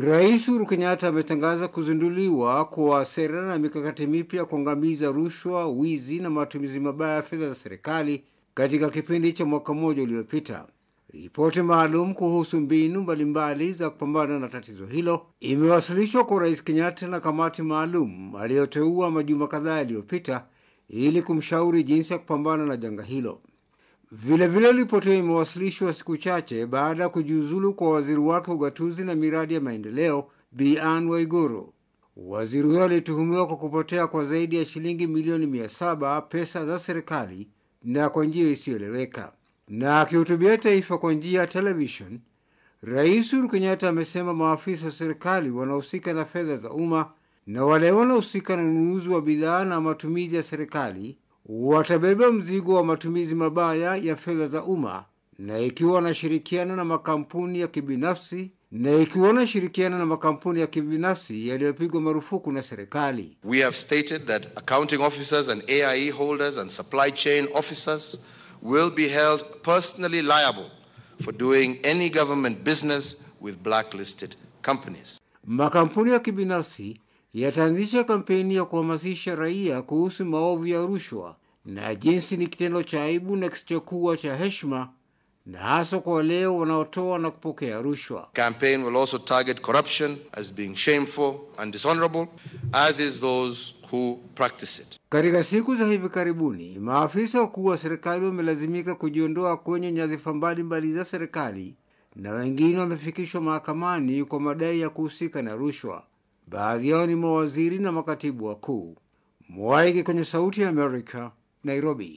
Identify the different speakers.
Speaker 1: Rais Uhuru Kenyatta ametangaza kuzinduliwa kwa sera na mikakati mipya ya kuangamiza rushwa, wizi na matumizi mabaya ya fedha za serikali katika kipindi cha mwaka mmoja uliopita. Ripoti maalum kuhusu mbinu mbalimbali za kupambana na tatizo hilo imewasilishwa kwa Rais Kenyatta na kamati maalum aliyoteua majuma kadhaa yaliyopita ili kumshauri jinsi ya kupambana na janga hilo. Vilevile, ripoti hiyo imewasilishwa siku chache baada ya kujiuzulu kwa waziri wake wa ugatuzi na miradi ya maendeleo Bi Anne Waiguru. Waziri huyo alituhumiwa kwa kupotea kwa zaidi ya shilingi milioni mia saba pesa za serikali na kwa njia isiyoeleweka. Na akihutubia taifa kwa njia ya television, Rais Uhuru Kenyatta amesema maafisa wa serikali wanahusika na fedha za umma na wale wanahusika na ununuzi wa bidhaa na matumizi ya serikali watabeba mzigo wa matumizi mabaya ya fedha za umma, na ikiwa wanashirikiana na makampuni ya kibinafsi na ikiwa wanashirikiana na makampuni ya kibinafsi yaliyopigwa marufuku na serikali.
Speaker 2: We have stated that accounting officers and AIE holders and supply chain officers will be held personally liable for doing any government business with blacklisted companies.
Speaker 1: Makampuni ya kibinafsi yataanzisha kampeni ya kuhamasisha raia kuhusu maovu ya rushwa na jinsi ni kitendo cha aibu na kisichokuwa cha heshima na haswa kwa waleo wanaotoa na kupokea rushwa.
Speaker 2: Campaign will also target corruption as being shameful and dishonorable as is those who practice it.
Speaker 1: Katika siku za hivi karibuni, maafisa wakuu wa serikali wamelazimika kujiondoa kwenye nyadhifa mbalimbali za serikali na wengine wamefikishwa mahakamani kwa madai ya kuhusika na rushwa. Baadhi yao ni mawaziri na makatibu wakuu. Mwaige kwenye Sauti ya Amerika, Nairobi.